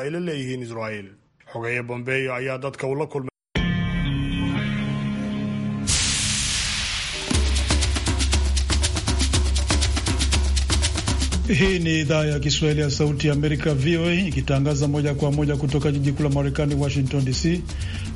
ay la leeyihiin israa'iil xogeeye bombeeyo ayaa dadka ula kulmay Hii ni idhaa ya Kiswahili ya Sauti ya Amerika, VOA, ikitangaza moja kwa moja kutoka jiji kuu la Marekani, Washington DC.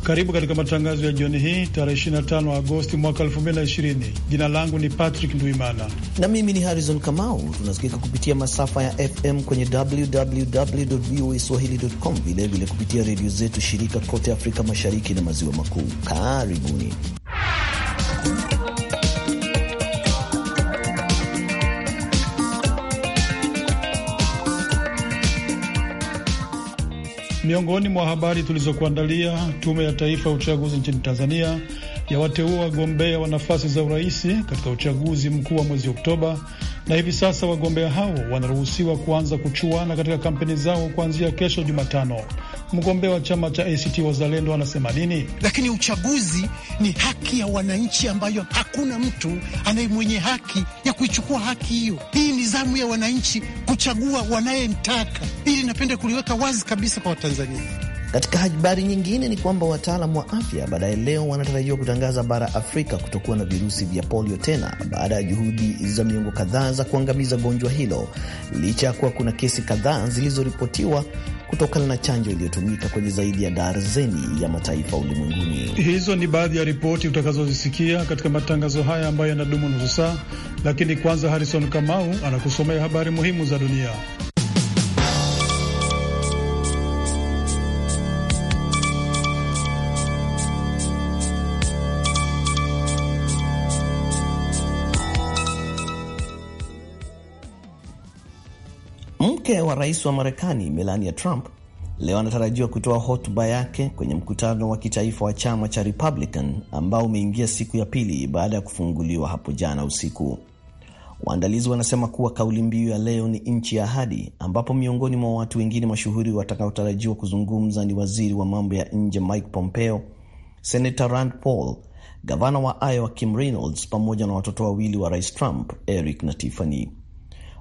Karibu katika matangazo ya jioni hii tarehe 25 Agosti mwaka 2020. Jina langu ni Patrick Ndwimana na mimi ni Harrison Kamau. Tunasikika kupitia masafa ya FM kwenye www voa swahili.com, vilevile kupitia redio zetu shirika kote Afrika Mashariki na Maziwa Makuu. Karibuni. Miongoni mwa habari tulizokuandalia, tume ya taifa ya uchaguzi nchini Tanzania yawateua wagombea wa nafasi za uraisi katika uchaguzi mkuu wa mwezi Oktoba na hivi sasa wagombea hao wanaruhusiwa kuanza kuchuana katika kampeni zao kuanzia kesho Jumatano. Mgombea wa chama cha ACT Wazalendo anasema nini? Lakini uchaguzi ni haki ya wananchi ambayo hakuna mtu anaye mwenye haki ya kuichukua haki hiyo. Hii ni zamu ya wananchi kuchagua wanayemtaka. Ili napenda kuliweka wazi kabisa kwa Watanzania. Katika habari nyingine ni kwamba wataalam wa afya baadaye leo wanatarajiwa kutangaza bara Afrika kutokuwa na virusi vya polio tena baada ya juhudi za miongo kadhaa za kuangamiza gonjwa hilo, licha ya kuwa kuna kesi kadhaa zilizoripotiwa kutokana na chanjo iliyotumika kwenye zaidi ya darzeni ya mataifa ulimwenguni. Hizo ni baadhi ya ripoti utakazozisikia katika matangazo haya ambayo yanadumu nusu saa, lakini kwanza, Harrison Kamau anakusomea habari muhimu za dunia. Mke wa rais wa Marekani Melania Trump leo anatarajiwa kutoa hotuba yake kwenye mkutano wa kitaifa wa chama cha Republican ambao umeingia siku ya pili baada ya kufunguliwa hapo jana usiku. Waandalizi wanasema kuwa kauli mbiu ya leo ni nchi ya ahadi, ambapo miongoni mwa watu wengine mashuhuri watakaotarajiwa kuzungumza ni waziri wa mambo ya nje Mike Pompeo, senata Rand Paul, gavana wa Iowa Kim Reynolds, pamoja na watoto wawili wa rais Trump, Eric na Tiffany.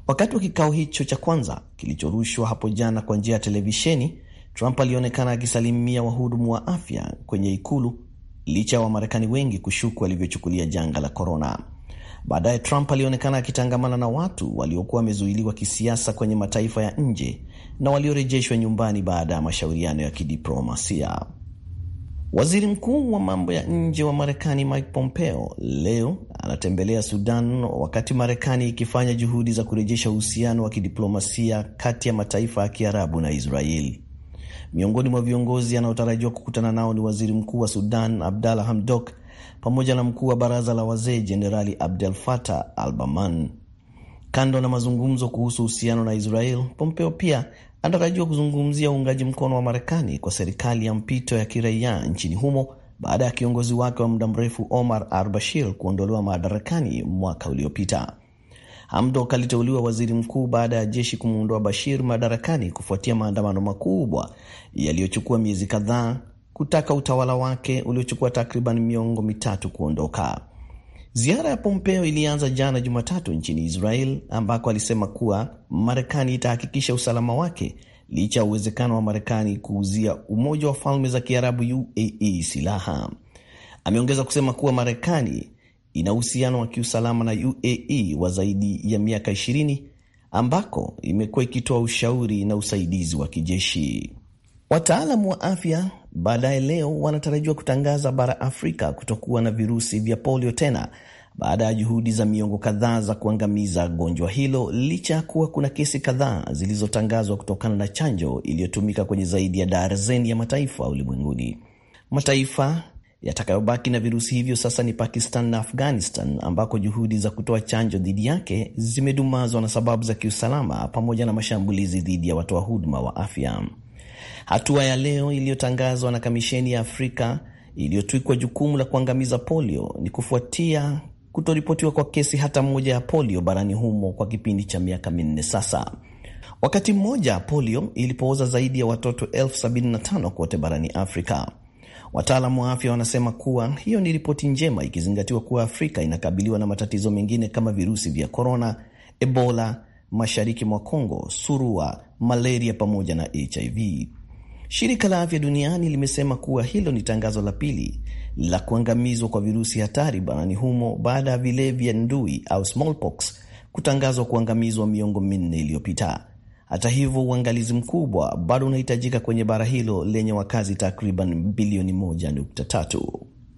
Wakati wa kikao hicho cha kwanza kilichorushwa hapo jana kwa njia ya televisheni, Trump alionekana akisalimia wahudumu wa afya kwenye ikulu licha ya Wamarekani wengi kushuku alivyochukulia janga la korona. Baadaye Trump alionekana akitangamana na watu waliokuwa wamezuiliwa kisiasa kwenye mataifa ya nje na waliorejeshwa nyumbani baada ya mashauriano ya kidiplomasia. Waziri mkuu wa mambo ya nje wa Marekani Mike Pompeo leo anatembelea Sudan, wakati Marekani ikifanya juhudi za kurejesha uhusiano wa kidiplomasia kati ya mataifa ya Kiarabu na Israeli. Miongoni mwa viongozi anaotarajiwa kukutana nao ni waziri mkuu wa Sudan Abdalla Hamdok pamoja na mkuu wa baraza la wazee Jenerali Abdel Fattah Albaman. Kando na mazungumzo kuhusu uhusiano na Israel, Pompeo pia anatarajiwa kuzungumzia uungaji mkono wa Marekani kwa serikali ya mpito ya kiraia nchini humo baada ya kiongozi wake wa muda mrefu Omar al-Bashir kuondolewa madarakani mwaka uliopita. Hamdok aliteuliwa waziri mkuu baada ya jeshi kumuondoa Bashir madarakani kufuatia maandamano makubwa yaliyochukua miezi kadhaa kutaka utawala wake uliochukua takriban miongo mitatu kuondoka. Ziara ya Pompeo ilianza jana Jumatatu nchini Israel ambako alisema kuwa Marekani itahakikisha usalama wake licha ya uwezekano wa Marekani kuuzia Umoja wa Falme za Kiarabu UAE silaha. Ameongeza kusema kuwa Marekani ina uhusiano wa kiusalama na UAE wa zaidi ya miaka 20 ambako imekuwa ikitoa ushauri na usaidizi wa kijeshi. Wataalamu wa afya baadaye leo wanatarajiwa kutangaza bara Afrika kutokuwa na virusi vya polio tena baada ya juhudi za miongo kadhaa za kuangamiza gonjwa hilo, licha ya kuwa kuna kesi kadhaa zilizotangazwa kutokana na chanjo iliyotumika kwenye zaidi ya darzeni ya mataifa ulimwenguni. Mataifa yatakayobaki na virusi hivyo sasa ni Pakistan na Afghanistan, ambako juhudi za kutoa chanjo dhidi yake zimedumazwa na sababu za kiusalama pamoja na mashambulizi dhidi ya watoa huduma wa afya. Hatua ya leo iliyotangazwa na Kamisheni ya Afrika iliyotwikwa jukumu la kuangamiza polio ni kufuatia kutoripotiwa kwa kesi hata moja ya polio barani humo kwa kipindi cha miaka minne sasa. Wakati mmoja polio ilipooza zaidi ya watoto elfu 75 kote barani Afrika. Wataalamu wa afya wanasema kuwa hiyo ni ripoti njema ikizingatiwa kuwa Afrika inakabiliwa na matatizo mengine kama virusi vya korona, Ebola mashariki mwa congo surua, malaria pamoja na HIV. Shirika la Afya Duniani limesema kuwa hilo ni tangazo la pili la kuangamizwa kwa virusi hatari barani humo baada ya vile vya ndui au smallpox kutangazwa kuangamizwa miongo minne iliyopita. Hata hivyo, uangalizi mkubwa bado unahitajika kwenye bara hilo lenye wakazi takriban bilioni 1.3.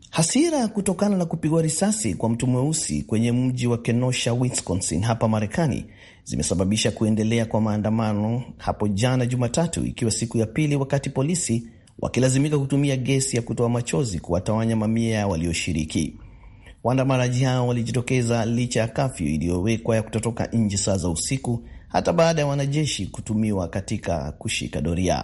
Hasira kutokana na kupigwa risasi kwa mtu mweusi kwenye mji wa Kenosha, Wisconsin hapa Marekani zimesababisha kuendelea kwa maandamano hapo jana Jumatatu, ikiwa siku ya pili, wakati polisi wakilazimika kutumia gesi ya kutoa machozi kuwatawanya mamia ya walioshiriki. Waandamanaji hao walijitokeza licha ya kafyu iliyowekwa ya kutotoka nje saa za usiku, hata baada ya wanajeshi kutumiwa katika kushika doria.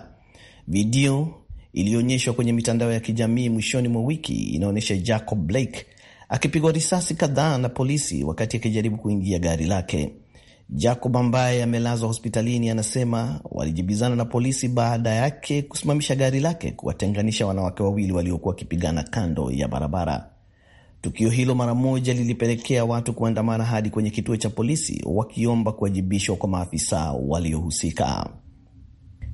Video iliyoonyeshwa kwenye mitandao ya kijamii mwishoni mwa wiki inaonyesha Jacob Blake akipigwa risasi kadhaa na polisi wakati akijaribu kuingia gari lake. Jacob ambaye amelazwa hospitalini anasema walijibizana na polisi baada yake kusimamisha gari lake kuwatenganisha wanawake wawili waliokuwa wakipigana kando ya barabara. Tukio hilo mara moja lilipelekea watu kuandamana hadi kwenye kituo cha polisi wakiomba kuwajibishwa kwa maafisa waliohusika.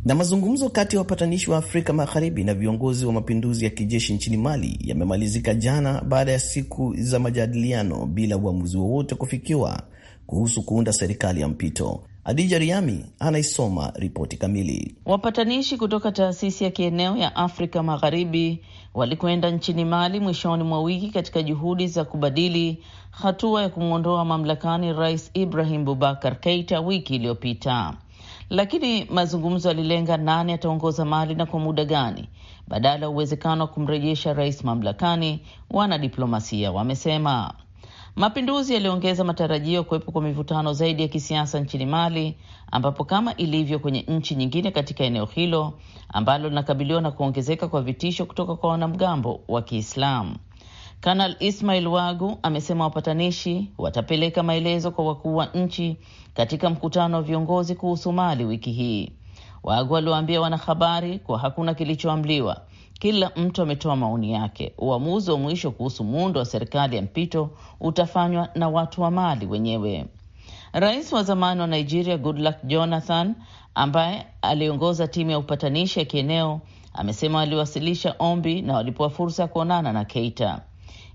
Na mazungumzo kati ya wapatanishi wa Afrika Magharibi na viongozi wa mapinduzi ya kijeshi nchini Mali yamemalizika jana baada ya siku za majadiliano bila uamuzi wowote kufikiwa kuhusu kuunda serikali ya mpito. Adija Riami anaisoma ripoti kamili. Wapatanishi kutoka taasisi ya kieneo ya Afrika Magharibi walikwenda nchini Mali mwishoni mwa wiki katika juhudi za kubadili hatua ya kumwondoa mamlakani Rais Ibrahim Bubakar Keita wiki iliyopita, lakini mazungumzo yalilenga nani ataongoza Mali na kwa muda gani, badala ya uwezekano wa kumrejesha rais mamlakani, wanadiplomasia wamesema. Mapinduzi yaliongeza matarajio ya kuwepo kwa mivutano zaidi ya kisiasa nchini Mali, ambapo kama ilivyo kwenye nchi nyingine katika eneo hilo ambalo linakabiliwa na kuongezeka kwa vitisho kutoka kwa wanamgambo wa Kiislamu. Kanal Ismail Wagu amesema wapatanishi watapeleka maelezo kwa wakuu wa nchi katika mkutano wa viongozi kuhusu Mali wiki hii. Wagu aliwaambia wanahabari kuwa hakuna kilichoamliwa kila mtu ametoa maoni yake. Uamuzi wa mwisho kuhusu muundo wa serikali ya mpito utafanywa na watu wa Mali wenyewe. Rais wa zamani wa Nigeria Goodluck Jonathan, ambaye aliongoza timu ya upatanishi ya kieneo, amesema waliwasilisha ombi na walipewa fursa ya kuonana na Keita.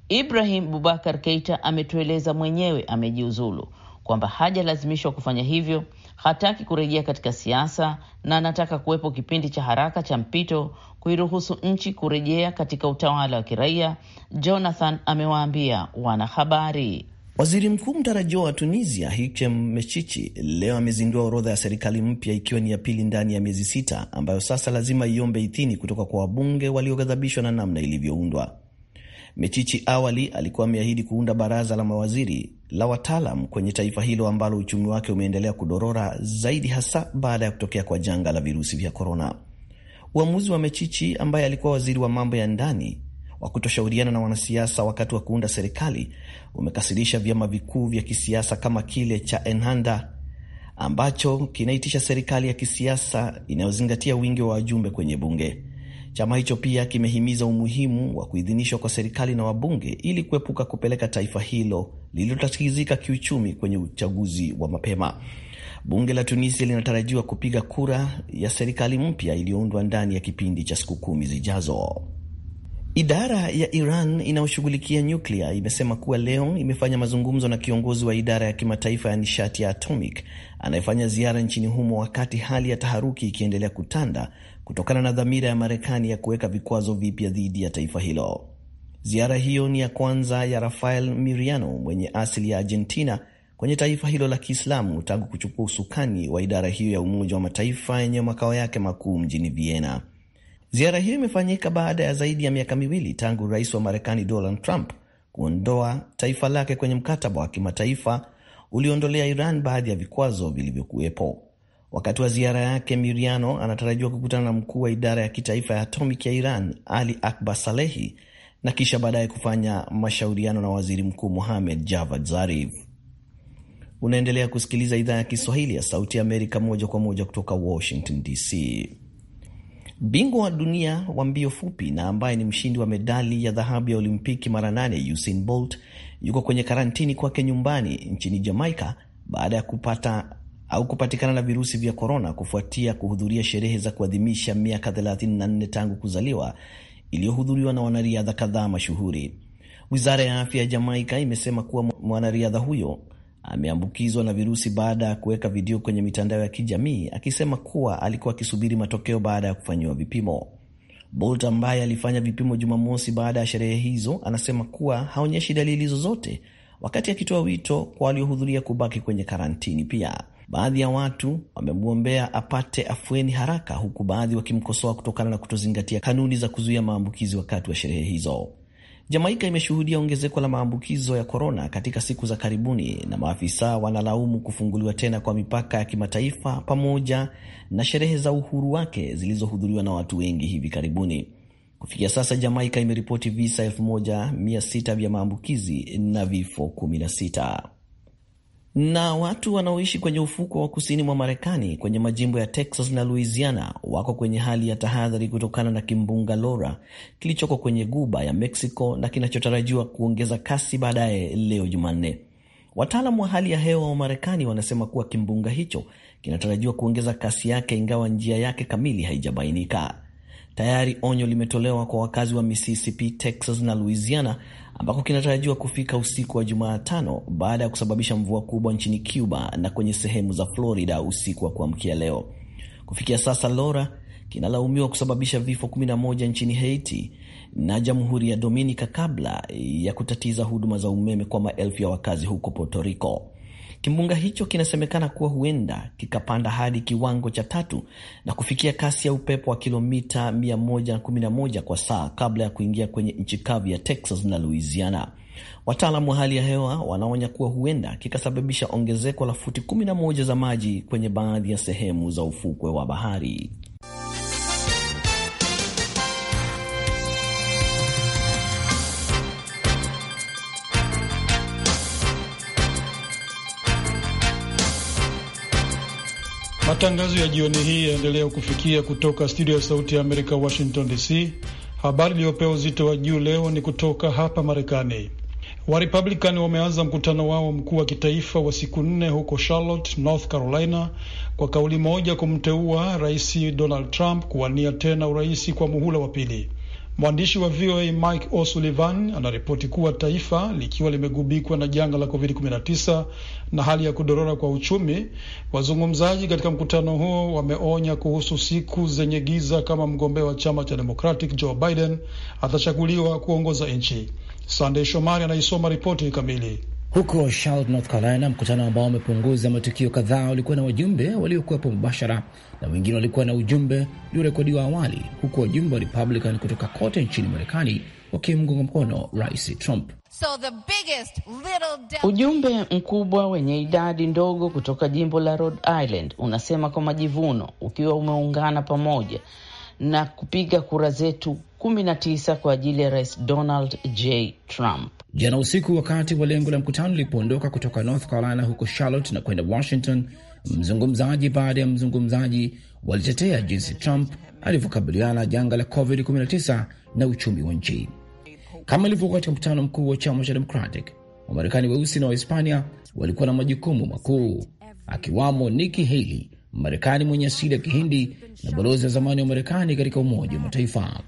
Ibrahim Bubakar Keita ametueleza mwenyewe amejiuzulu kwamba hajalazimishwa kufanya hivyo, hataki kurejea katika siasa na anataka kuwepo kipindi cha haraka cha mpito kuiruhusu nchi kurejea katika utawala wa kiraia, Jonathan amewaambia wanahabari. Waziri mkuu mtarajiwa wa Tunisia Hichem Mechichi leo amezindua orodha ya serikali mpya ikiwa ni ya pili ndani ya miezi sita, ambayo sasa lazima iombe idhini kutoka kwa wabunge walioghadhabishwa na namna ilivyoundwa. Mechichi awali alikuwa ameahidi kuunda baraza la mawaziri la wataalam kwenye taifa hilo ambalo uchumi wake umeendelea kudorora zaidi hasa baada ya kutokea kwa janga la virusi vya korona. Uamuzi wa Mechichi ambaye alikuwa waziri wa mambo ya ndani wa kutoshauriana na wanasiasa wakati wa kuunda serikali umekasirisha vyama vikuu vya kisiasa kama kile cha Enhanda ambacho kinaitisha serikali ya kisiasa inayozingatia wingi wa wajumbe kwenye bunge. Chama hicho pia kimehimiza umuhimu wa kuidhinishwa kwa serikali na wabunge ili kuepuka kupeleka taifa hilo lililotatizika kiuchumi kwenye uchaguzi wa mapema. Bunge la Tunisia linatarajiwa kupiga kura ya serikali mpya iliyoundwa ndani ya kipindi cha siku kumi zijazo. Idara ya Iran inayoshughulikia nyuklia imesema kuwa leo imefanya mazungumzo na kiongozi wa idara ya kimataifa ya nishati ya atomic anayefanya ziara nchini humo wakati hali ya taharuki ikiendelea kutanda kutokana na dhamira ya Marekani ya kuweka vikwazo vipya dhidi ya taifa hilo. Ziara hiyo ni ya kwanza ya Rafael Miriano mwenye asili ya Argentina kwenye taifa hilo la Kiislamu tangu kuchukua usukani wa idara hiyo ya Umoja wa Mataifa yenye makao yake makuu mjini Vienna. Ziara hiyo imefanyika baada ya zaidi ya miaka miwili tangu rais wa Marekani Donald Trump kuondoa taifa lake kwenye mkataba wa kimataifa ulioondolea Iran baadhi ya vikwazo vilivyokuwepo. Wakati wa ziara yake, Miriano anatarajiwa kukutana na mkuu wa idara ya kitaifa ya atomic ya Iran Ali Akbar Salehi na kisha baadaye kufanya mashauriano na waziri mkuu Mohamed Javad Zarif. Unaendelea kusikiliza idhaa ya Kiswahili ya Sauti ya Amerika moja kwa moja kutoka Washington DC. Bingwa wa dunia wa mbio fupi na ambaye ni mshindi wa medali ya dhahabu ya Olimpiki mara nane Usain Bolt yuko kwenye karantini kwake nyumbani nchini Jamaica baada ya kupata au kupatikana na virusi vya korona kufuatia kuhudhuria sherehe za kuadhimisha miaka 34 tangu kuzaliwa iliyohudhuriwa na wanariadha kadhaa mashuhuri. Wizara ya afya ya Jamaika imesema kuwa mwanariadha huyo ameambukizwa na virusi baada ya kuweka video kwenye mitandao ya kijamii akisema kuwa alikuwa akisubiri matokeo baada ya kufanyiwa vipimo. Bolt ambaye alifanya vipimo Jumamosi baada ya sherehe hizo anasema kuwa haonyeshi dalili zozote, wakati akitoa wito kwa waliohudhuria kubaki kwenye karantini. Pia Baadhi ya watu wamemwombea apate afueni haraka, huku baadhi wakimkosoa kutokana na kutozingatia kanuni za kuzuia maambukizi wakati wa sherehe hizo. Jamaika imeshuhudia ongezeko la maambukizo ya korona katika siku za karibuni, na maafisa wanalaumu kufunguliwa tena kwa mipaka ya kimataifa pamoja na sherehe za uhuru wake zilizohudhuriwa na watu wengi hivi karibuni. Kufikia sasa, Jamaika imeripoti visa 1600 vya maambukizi na vifo 16 na watu wanaoishi kwenye ufuko wa kusini mwa Marekani kwenye majimbo ya Texas na Louisiana wako kwenye hali ya tahadhari kutokana na kimbunga Laura kilichoko kwenye guba ya Mexico na kinachotarajiwa kuongeza kasi baadaye leo Jumanne. Wataalam wa hali ya hewa wa Marekani wanasema kuwa kimbunga hicho kinatarajiwa kuongeza kasi yake, ingawa njia yake kamili haijabainika. Tayari onyo limetolewa kwa wakazi wa Mississippi, Texas na Louisiana ambako kinatarajiwa kufika usiku wa Jumatano baada ya kusababisha mvua kubwa nchini Cuba na kwenye sehemu za Florida usiku wa kuamkia leo. Kufikia sasa, Laura kinalaumiwa kusababisha vifo 11 nchini Haiti na Jamhuri ya Dominica kabla ya kutatiza huduma za umeme kwa maelfu ya wakazi huko Puerto Rico. Kimbunga hicho kinasemekana kuwa huenda kikapanda hadi kiwango cha tatu na kufikia kasi ya upepo wa kilomita 111 kwa saa kabla ya kuingia kwenye nchi kavu ya Texas na Louisiana. wataalam wa hali ya hewa wanaonya kuwa huenda kikasababisha ongezeko la futi 11 za maji kwenye baadhi ya sehemu za ufukwe wa bahari. Matangazo ya jioni hii yaendelea kufikia kutoka studio ya Sauti ya Amerika, Washington DC. Habari iliyopewa uzito wa juu leo ni kutoka hapa Marekani. Warepublikani wameanza mkutano wao mkuu wa kitaifa wa siku nne huko Charlotte, North Carolina, kwa kauli moja kumteua Rais Donald Trump kuwania tena uraisi kwa muhula wa pili. Mwandishi wa VOA Mike O'Sullivan anaripoti kuwa taifa likiwa limegubikwa na janga la COVID-19 na hali ya kudorora kwa uchumi, wazungumzaji katika mkutano huo wameonya kuhusu siku zenye giza kama mgombea wa chama cha Democratic Joe Biden atachaguliwa kuongoza nchi. Sandey Shomari anaisoma ripoti kamili. Huko Charlotte, North Carolina, mkutano ambao umepunguza matukio kadhaa ulikuwa na wajumbe waliokuwepo mubashara na wengine walikuwa na ujumbe uliorekodiwa awali, huku wajumbe wa Republican kutoka kote nchini Marekani wakimgonga mkono Rais Trump. So the biggest, little... Ujumbe mkubwa wenye idadi ndogo kutoka jimbo la Rhode Island unasema kwa majivuno, ukiwa umeungana pamoja na kupiga kura zetu 19 kwa ajili ya Rais Donald J Trump. Jana usiku, wakati wa lengo la mkutano lilipoondoka kutoka North Carolina huko Charlotte na kwenda Washington, mzungumzaji baada ya mzungumzaji walitetea jinsi Trump alivyokabiliana janga la COVID-19 na uchumi wa nchi. Kama ilivyokuwa katika mkutano mkuu wa chama cha Democratic, Wamarekani weusi na Wahispania walikuwa na majukumu makuu, akiwamo Nikki Haley Marekani mwenye asili ya Kihindi na balozi wa zamani wa Marekani katika Umoja wa Mataifa.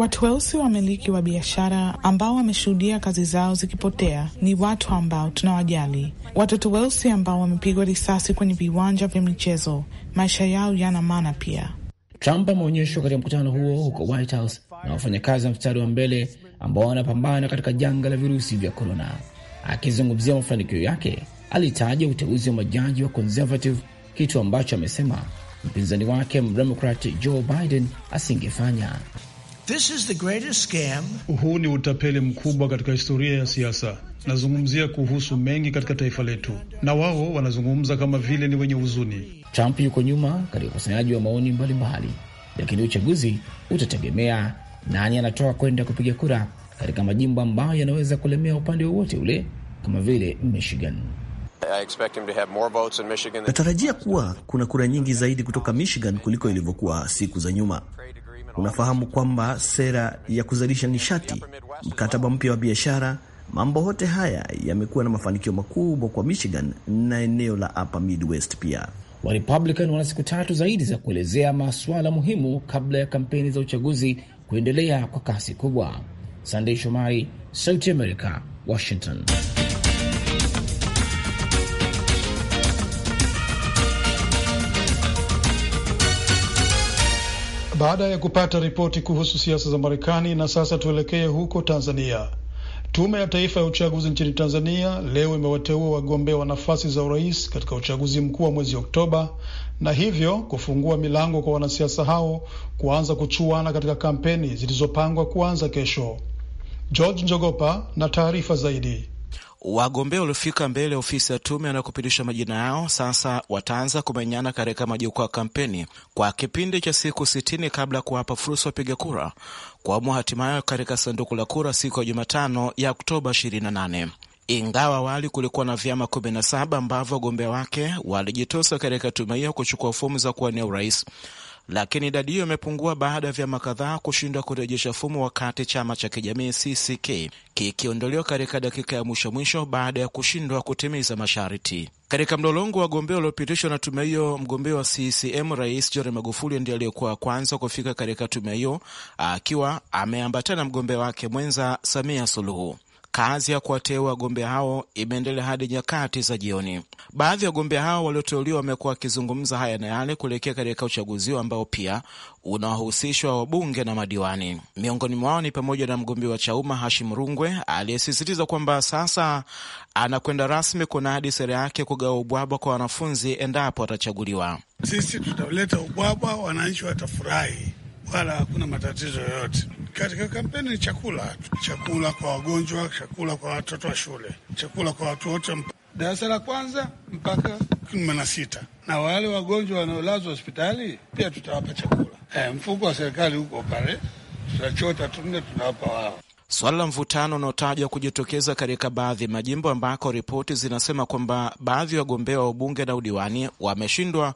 Watu weusi wamiliki wa biashara ambao wameshuhudia kazi zao zikipotea ni watu ambao tunawajali, watoto weusi ambao wamepigwa risasi kwenye viwanja vya michezo. Maisha yao yana maana pia. Trump ameonyeshwa katika mkutano huo huko White House na wafanyakazi wa mstari wa mbele ambao wanapambana katika janga la virusi vya korona, akizungumzia mafanikio yake alitaja uteuzi wa majaji wa conservative, kitu ambacho amesema mpinzani wake mdemokrat Joe Biden asingefanya. This is the greatest scam. Huu ni utapeli mkubwa katika historia ya siasa. Nazungumzia kuhusu mengi katika taifa letu, na wao wanazungumza kama vile ni wenye huzuni. Trump yuko nyuma katika ukusanyaji wa maoni mbalimbali, lakini uchaguzi utategemea nani anatoka kwenda kupiga kura katika majimbo ambayo yanaweza kulemea upande wowote ule kama vile Michigan. Natarajia kuwa kuna kura nyingi zaidi kutoka Michigan kuliko ilivyokuwa siku za nyuma. Unafahamu kwamba sera ya kuzalisha nishati, mkataba mpya wa biashara, mambo yote haya yamekuwa na mafanikio makubwa kwa Michigan na eneo la Upper Midwest pia. Wa Republican wana siku tatu zaidi za kuelezea masuala muhimu kabla ya kampeni za uchaguzi kuendelea kwa kasi kubwa. Sandei Shomari, Sauti America, Washington. Baada ya kupata ripoti kuhusu siasa za Marekani, na sasa tuelekee huko Tanzania. Tume ya Taifa ya Uchaguzi nchini Tanzania leo imewateua wagombea wa nafasi za urais katika uchaguzi mkuu wa mwezi Oktoba na hivyo kufungua milango kwa wanasiasa hao kuanza kuchuana katika kampeni zilizopangwa kuanza kesho. George Njogopa na taarifa zaidi. Wagombea waliofika mbele ya ofisi ya tume kupitisha majina yao sasa wataanza kumenyana katika majukwaa ya kampeni kwa kipindi cha siku sitini kabla ya kuwapa fursa wapiga kura kuamua hatima yao katika sanduku la kura siku ya Jumatano ya Oktoba 28. Ingawa awali kulikuwa na vyama 17 ambavyo wagombea wake walijitosa katika tume hiyo kuchukua fomu za kuwania urais, lakini idadi hiyo imepungua baada ya vyama kadhaa kushindwa kurejesha fumo, wakati chama cha kijamii CCK kikiondolewa katika dakika ya mwisho mwisho baada ya kushindwa kutimiza masharti. Katika mlolongo wa gombea uliopitishwa na tume hiyo, mgombea wa CCM Rais John Magufuli ndiye aliyekuwa wa kwanza kufika katika tume hiyo, akiwa ameambatana mgombea wake mwenza Samia Suluhu. Kazi ya kuwateua wagombea hao imeendelea hadi nyakati za jioni. Baadhi ya wagombea hao walioteuliwa wamekuwa wakizungumza haya na yale kuelekea katika uchaguzi huo ambao pia unawahusishwa wabunge na madiwani. Miongoni mwao ni pamoja na mgombea wa Chauma Hashim Rungwe aliyesisitiza kwamba sasa anakwenda rasmi kunadi sera yake kugawa ubwabwa kwa wanafunzi endapo atachaguliwa. Sisi tutaleta ubwabwa, wananchi watafurahi wala hakuna matatizo yoyote katika kampeni. Ni chakula, chakula kwa wagonjwa, chakula kwa watoto wa shule, chakula kwa watu wote darasa la kwanza mpaka kumi na sita na wale wagonjwa wanaolazwa hospitali pia tutawapa chakula. E, mfuko wa serikali huko pale tutachota tunde tunawapa wao. Swala la mvutano unaotajwa kujitokeza katika baadhi ya majimbo ambako ripoti zinasema kwamba baadhi ya wagombea wa ubunge na udiwani wameshindwa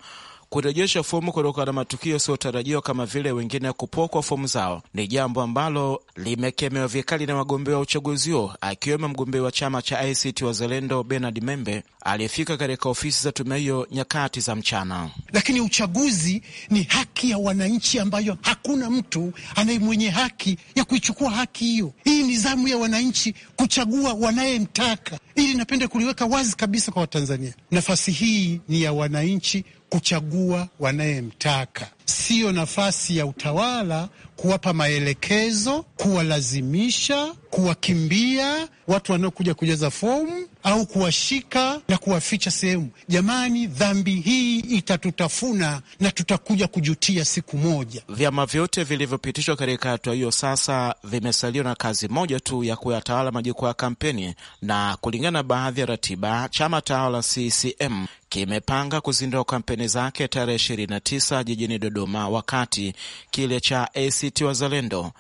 Kurejesha fomu kutokana na matukio yasiyotarajiwa kama vile wengine kupokwa fomu zao ni jambo ambalo limekemewa vikali na wagombea wa uchaguzi huo, akiwemo mgombea wa chama cha ACT Wazalendo Bernard Membe aliyefika katika ofisi za tume hiyo nyakati za mchana. Lakini uchaguzi ni haki ya wananchi ambayo hakuna mtu anaye mwenye haki ya kuichukua haki hiyo. Hii ni zamu ya wananchi kuchagua wanayemtaka, ili napenda kuliweka wazi kabisa kwa Watanzania, nafasi hii ni ya wananchi kuchagua wanayemtaka siyo nafasi ya utawala kuwapa maelekezo, kuwalazimisha, kuwakimbia watu wanaokuja kujaza fomu au kuwashika na kuwaficha sehemu. Jamani, dhambi hii itatutafuna na tutakuja kujutia siku moja. Vyama vyote vilivyopitishwa katika hatua hiyo sasa vimesaliwa na kazi moja tu ya kuyatawala majukwaa ya kampeni, na kulingana na baadhi ya ratiba, chama tawala CCM kimepanga kuzindua kampeni zake tarehe 29 jijini Dodoma Dodoma, wakati kile cha ACT Wazalendo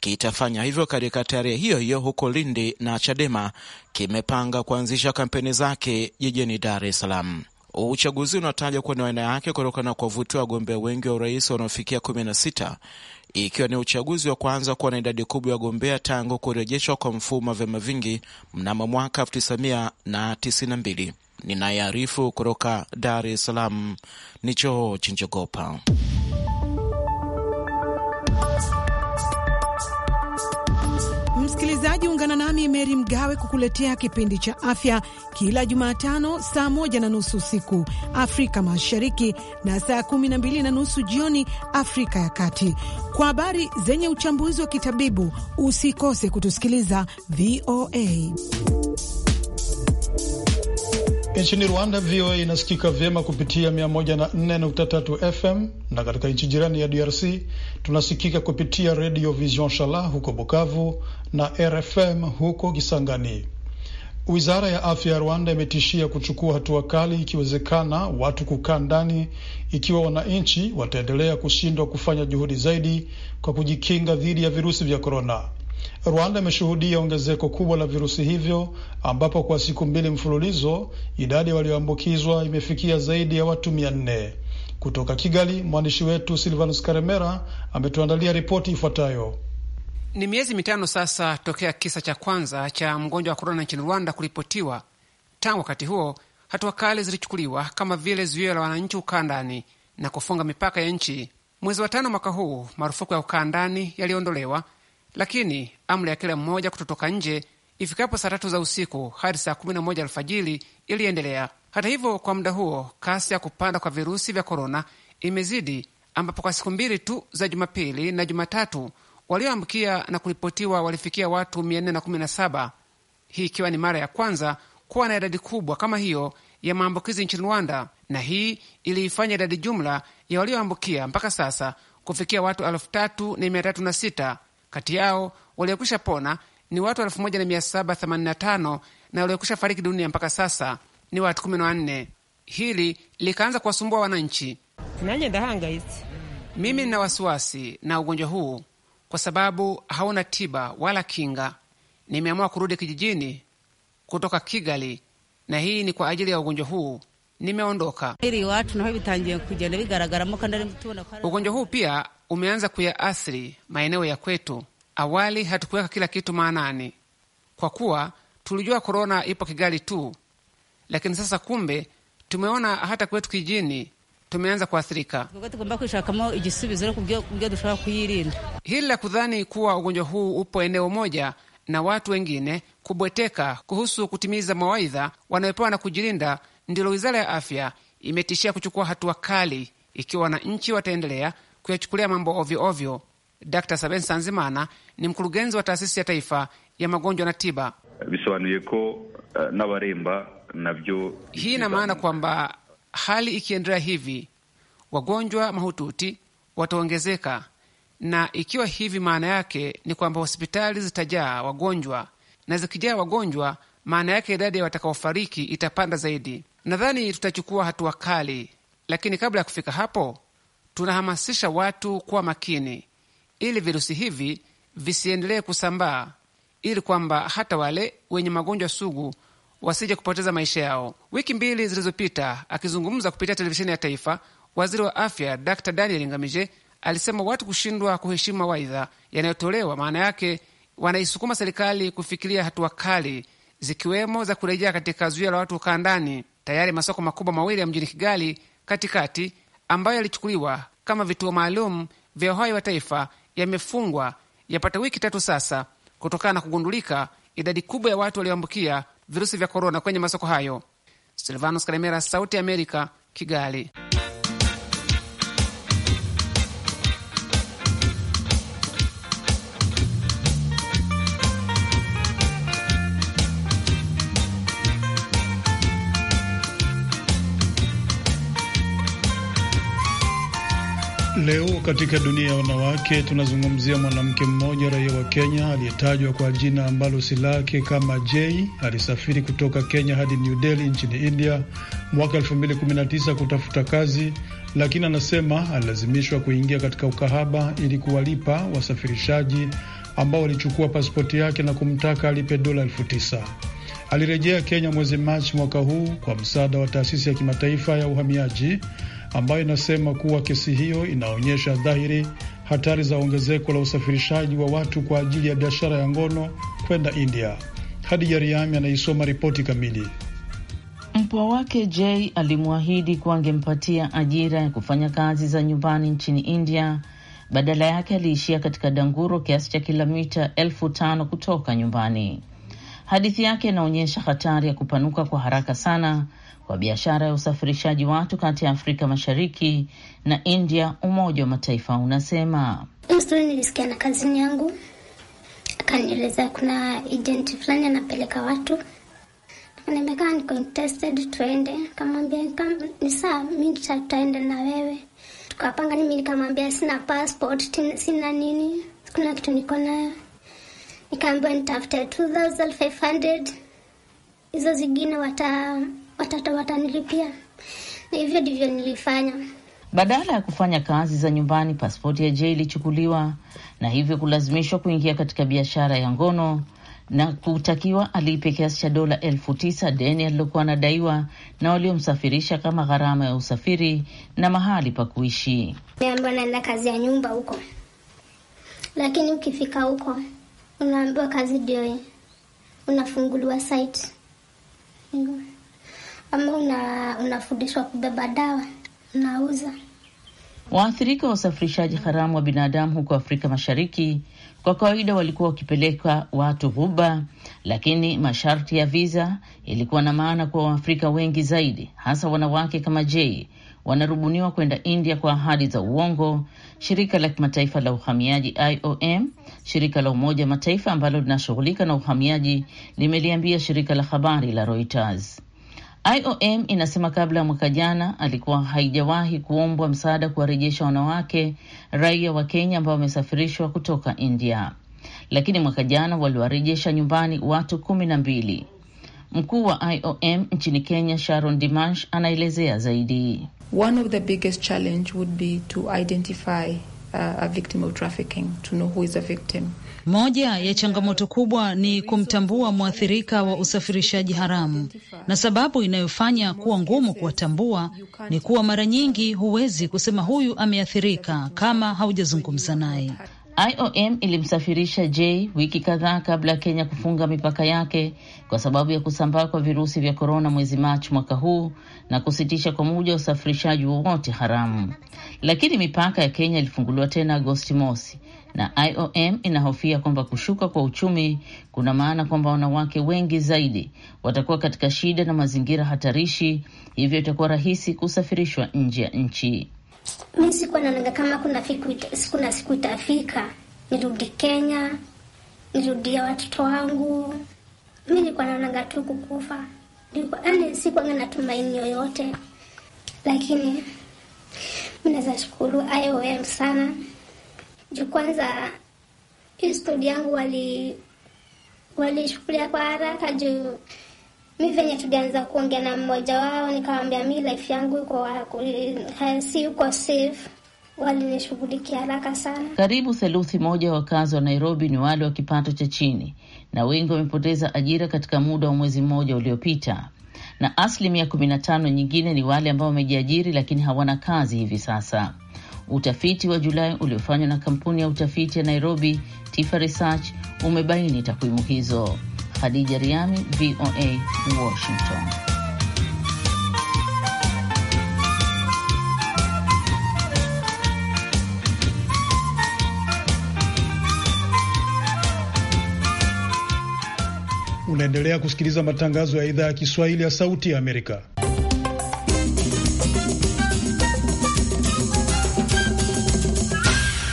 kitafanya hivyo katika tarehe hiyo hiyo huko Lindi, na Chadema kimepanga kuanzisha kampeni zake jijini Dar es Salaam. Uchaguzi unataja kuwa ni aina yake kutokana na kuwavutia wagombea wengi wa urais wanaofikia 16 ikiwa ni uchaguzi wa kwanza kuwa na idadi kubwa ya wagombea tangu kurejeshwa kwa mfumo wa vyama vingi mnamo mwaka 1992. Ninayearifu kutoka Dar es Salaam ni Choo Chinjogopa. Msikilizaji, ungana nami Meri Mgawe kukuletea kipindi cha afya kila Jumatano saa moja na nusu usiku Afrika Mashariki na saa kumi na mbili na nusu jioni Afrika ya Kati, kwa habari zenye uchambuzi wa kitabibu. Usikose kutusikiliza VOA. Nchini Rwanda, VOA inasikika vyema kupitia 104.3 FM na katika nchi jirani ya DRC tunasikika kupitia Radio Vision Shala huko Bukavu na RFM huko Kisangani. Wizara ya afya ya Rwanda imetishia kuchukua hatua kali ikiwezekana watu kukaa ndani ikiwa wananchi wataendelea kushindwa kufanya juhudi zaidi kwa kujikinga dhidi ya virusi vya korona. Rwanda imeshuhudia ongezeko kubwa la virusi hivyo ambapo kwa siku mbili mfululizo idadi walioambukizwa imefikia zaidi ya watu mia nne. Kutoka Kigali, mwandishi wetu Silvanus Karemera ametuandalia ripoti ifuatayo. Ni miezi mitano sasa tokea kisa cha kwanza cha mgonjwa wa korona nchini Rwanda kuripotiwa. Tangu wakati huo, hatua kali zilichukuliwa kama vile zuio la wananchi kukaa ndani na kufunga mipaka ya nchi. Mwezi wa tano mwaka huu, marufuku ya kukaa ndani yaliondolewa lakini amri ya kila mmoja kutotoka nje ifikapo saa tatu za usiku hadi saa kumi na moja alfajiri iliendelea. Hata hivyo, kwa muda huo kasi ya kupanda kwa virusi vya korona imezidi, ambapo kwa siku mbili tu za Jumapili na Jumatatu walioambukia na kuripotiwa walifikia watu 417, hii ikiwa ni mara ya kwanza kuwa na idadi kubwa kama hiyo ya maambukizi nchini Rwanda, na hii iliifanya idadi jumla ya walioambukia mpaka sasa kufikia watu elfu tatu na mia tatu na sita kati yao waliokwisha pona ni watu 1785 na waliokwisha fariki dunia mpaka sasa ni watu 14. Hili likaanza kuwasumbua wananchi. Mimi nina wasiwasi na ugonjwa huu kwa sababu hauna tiba wala kinga. Nimeamua kurudi kijijini kutoka Kigali, na hii ni kwa ajili ya ugonjwa huu. Nimeondoka ugonjwa huu pia umeanza kuyaathiri maeneo ya kwetu. Awali hatukuweka kila kitu maanani, kwa kuwa tulijua korona ipo Kigali tu, lakini sasa kumbe tumeona hata kwetu kijini tumeanza kuathirika. Hili la kudhani kuwa ugonjwa huu upo eneo moja na watu wengine kubweteka kuhusu kutimiza mawaidha wanayopewa na kujilinda, ndilo wizara ya afya imetishia kuchukua hatua kali ikiwa wananchi wataendelea kuyachukulia mambo ovyo ovyo. Dr Saben Sanzimana ni mkurugenzi wa taasisi ya taifa ya magonjwa na tiba. Eh, Hii ina maana kwamba hali ikiendelea hivi, wagonjwa mahututi wataongezeka, na ikiwa hivi, maana yake ni kwamba hospitali zitajaa wagonjwa, na zikijaa wagonjwa, maana yake idadi ya watakaofariki itapanda zaidi. Nadhani tutachukua hatua kali, lakini kabla ya kufika hapo tunahamasisha watu kuwa makini ili virusi hivi visiendelee kusambaa, ili kwamba hata wale wenye magonjwa sugu wasije kupoteza maisha yao. Wiki mbili zilizopita, akizungumza kupitia televisheni ya taifa, waziri wa afya Dr Daniel Ngamije alisema watu kushindwa kuheshimu mawaidha yanayotolewa, maana yake wanaisukuma serikali kufikiria hatua kali, zikiwemo za kurejea katika zuia la watu kukaa ndani. Tayari masoko makubwa mawili ya mjini Kigali katikati ambayo yalichukuliwa kama vituo maalum vya uhai wa taifa yamefungwa yapata wiki tatu sasa, kutokana na kugundulika idadi kubwa ya watu walioambukia virusi vya korona kwenye masoko hayo. Silvanos Kalemera, Sauti ya Amerika, Kigali. Leo katika dunia ya wanawake tunazungumzia mwanamke mmoja raia wa Kenya aliyetajwa kwa jina ambalo si lake kama Jay. Alisafiri kutoka Kenya hadi New Delhi nchini India mwaka 2019 kutafuta kazi, lakini anasema alilazimishwa kuingia katika ukahaba ili kuwalipa wasafirishaji ambao walichukua pasipoti yake na kumtaka alipe dola elfu tisa. Alirejea Kenya mwezi Machi mwaka huu kwa msaada wa taasisi ya kimataifa ya uhamiaji ambayo inasema kuwa kesi hiyo inaonyesha dhahiri hatari za ongezeko la usafirishaji wa watu kwa ajili ya biashara ya ngono kwenda India. Hadija Riami anaisoma ripoti kamili. Mpwa wake Jay alimwahidi kuwa angempatia ajira ya kufanya kazi za nyumbani nchini India. Badala yake aliishia katika danguro kiasi cha kilomita elfu tano kutoka nyumbani. Hadithi yake inaonyesha hatari ya kupanuka kwa haraka sana kwa biashara ya usafirishaji watu kati ya Afrika Mashariki na India. Umoja wa Mataifa unasema mstori. Nilisikia na kazini yangu, akanieleza kuna agent fulani anapeleka watu, nimekaa niko interested, tuende. Kamwambia ni saa mi tutaenda na wewe, tukapanga. Nimi nikamwambia sina passport, sina nini, kuna kitu niko nayo, nikaambiwa nitafute 2500 hizo zingine wata watoto watanilipia. Hivyo ndivyo nilifanya. Badala ya kufanya kazi za nyumbani, pasipoti ya Jay ilichukuliwa na hivyo kulazimishwa kuingia katika biashara ya ngono na kutakiwa alipe kiasi cha dola elfu tisa deni alilokuwa anadaiwa na waliomsafirisha kama gharama ya usafiri na mahali pa kuishi. Ambao naenda kazi ya nyumba huko, lakini ukifika huko unaambiwa kazi ndio unafunguliwa site ama unafundishwa kubeba dawa unauza. Waathirika wa usafirishaji haramu wa binadamu huko Afrika Mashariki kwa kawaida walikuwa wakipeleka watu Ghuba, lakini masharti ya viza ilikuwa na maana kuwa Waafrika wengi zaidi, hasa wanawake kama j wanarubuniwa kwenda India kwa ahadi za uongo. Shirika la kimataifa la uhamiaji IOM, shirika la Umoja Mataifa ambalo linashughulika na uhamiaji, limeliambia shirika la habari la Reuters. IOM inasema kabla ya mwaka jana alikuwa haijawahi kuombwa msaada kuwarejesha wanawake raia wa Kenya ambao wamesafirishwa kutoka India, lakini mwaka jana waliwarejesha nyumbani watu kumi na mbili. Mkuu wa IOM nchini Kenya, Sharon dimash anaelezea zaidi. One of the biggest challenge would be to identify a victim of trafficking, to know who is a victim. Moja ya changamoto kubwa ni kumtambua mwathirika wa usafirishaji haramu, na sababu inayofanya kuwa ngumu kuwatambua ni kuwa mara nyingi huwezi kusema huyu ameathirika kama haujazungumza naye. IOM ilimsafirisha J wiki kadhaa kabla ya Kenya kufunga mipaka yake kwa sababu ya kusambaa kwa virusi vya korona mwezi Machi mwaka huu na kusitisha kwa muja wa usafirishaji wowote haramu, lakini mipaka ya Kenya ilifunguliwa tena Agosti mosi na IOM inahofia kwamba kushuka kwa uchumi kuna maana kwamba wanawake wengi zaidi watakuwa katika shida na mazingira hatarishi, hivyo itakuwa rahisi kusafirishwa nje ya nchi mi sikuwa naonanga kama kuna siku kuna siku itafika nirudi Kenya, nirudia watoto wangu. Mi nilikuwa naonanga tu kukufa, yani sikuanga na tumaini yoyote, lakini naweza shukuru IOM sana juu kwanza hii studi yangu wali walishukulia kwa haraka juu mi venye tulianza kuongea na mmoja wao, nikawambia mi life yangu iko eh, si uko safe. Walinishughulikia haraka sana. Karibu theluthi moja wakazi wa Nairobi ni wale wa kipato cha chini, na wengi wamepoteza ajira katika muda wa mwezi mmoja uliopita, na asilimia kumi na tano nyingine ni wale ambao wamejiajiri lakini hawana kazi hivi sasa. Utafiti wa Julai uliofanywa na kampuni ya utafiti ya Nairobi Tifa Research umebaini takwimu hizo hadija Riami, VOA Washington. Unaendelea kusikiliza matangazo ya idhaa ya Kiswahili ya Sauti ya Amerika.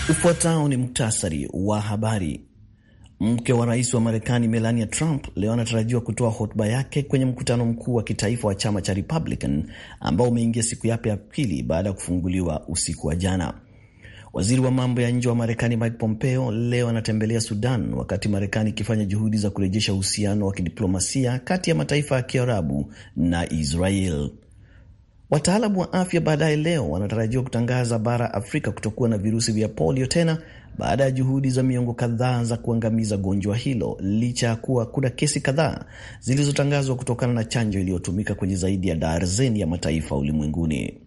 Ufuatao ni muktasari wa habari. Mke wa rais wa Marekani Melania Trump leo anatarajiwa kutoa hotuba yake kwenye mkutano mkuu wa kitaifa wa chama cha Republican ambao umeingia siku yake ya pili baada ya kufunguliwa usiku wa jana. Waziri wa mambo ya nje wa Marekani Mike Pompeo leo anatembelea Sudan, wakati Marekani ikifanya juhudi za kurejesha uhusiano wa kidiplomasia kati ya mataifa ya Kiarabu na Israel. Wataalamu wa afya baadaye leo wanatarajiwa kutangaza bara Afrika kutokuwa na virusi vya polio tena baada ya juhudi za miongo kadhaa za kuangamiza gonjwa hilo, licha ya kuwa kuna kesi kadhaa zilizotangazwa kutokana na chanjo iliyotumika kwenye zaidi ya darzeni ya mataifa ulimwenguni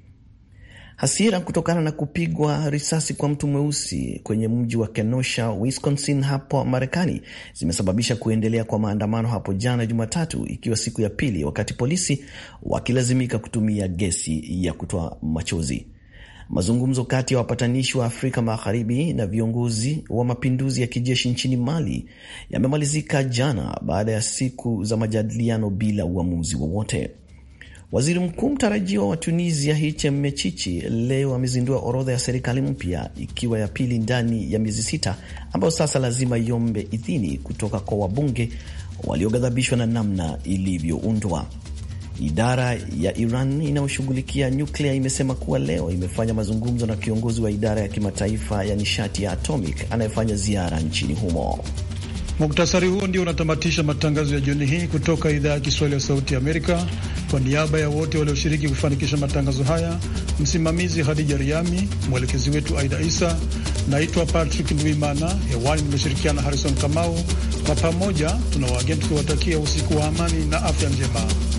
hasira kutokana na kupigwa risasi kwa mtu mweusi kwenye mji wa Kenosha, Wisconsin hapo Marekani zimesababisha kuendelea kwa maandamano hapo jana Jumatatu, ikiwa siku ya pili, wakati polisi wakilazimika kutumia gesi ya kutoa machozi. Mazungumzo kati ya wapatanishi wa Afrika Magharibi na viongozi wa mapinduzi ya kijeshi nchini Mali yamemalizika jana baada ya siku za majadiliano bila uamuzi wowote. Waziri mkuu mtarajiwa wa Tunisia Hichem Mechichi leo amezindua orodha ya serikali mpya ikiwa ya pili ndani ya miezi sita, ambayo sasa lazima iombe idhini kutoka kwa wabunge walioghadhabishwa na namna ilivyoundwa. Idara ya Iran inayoshughulikia nyuklia imesema kuwa leo imefanya mazungumzo na kiongozi wa idara ya kimataifa ya nishati ya atomic anayefanya ziara nchini humo. Muktasari huo ndio unatamatisha matangazo ya jioni hii kutoka idhaa ya Kiswahili ya Sauti ya Amerika. Kwa niaba ya wote walioshiriki kufanikisha matangazo haya, msimamizi Hadija Riami, mwelekezi wetu Aida Isa. Naitwa Patrick Ndwimana, hewani nimeshirikiana Harrison Kamau. Kwa pamoja tuna wageni tukiwatakia usiku wa amani na afya njema.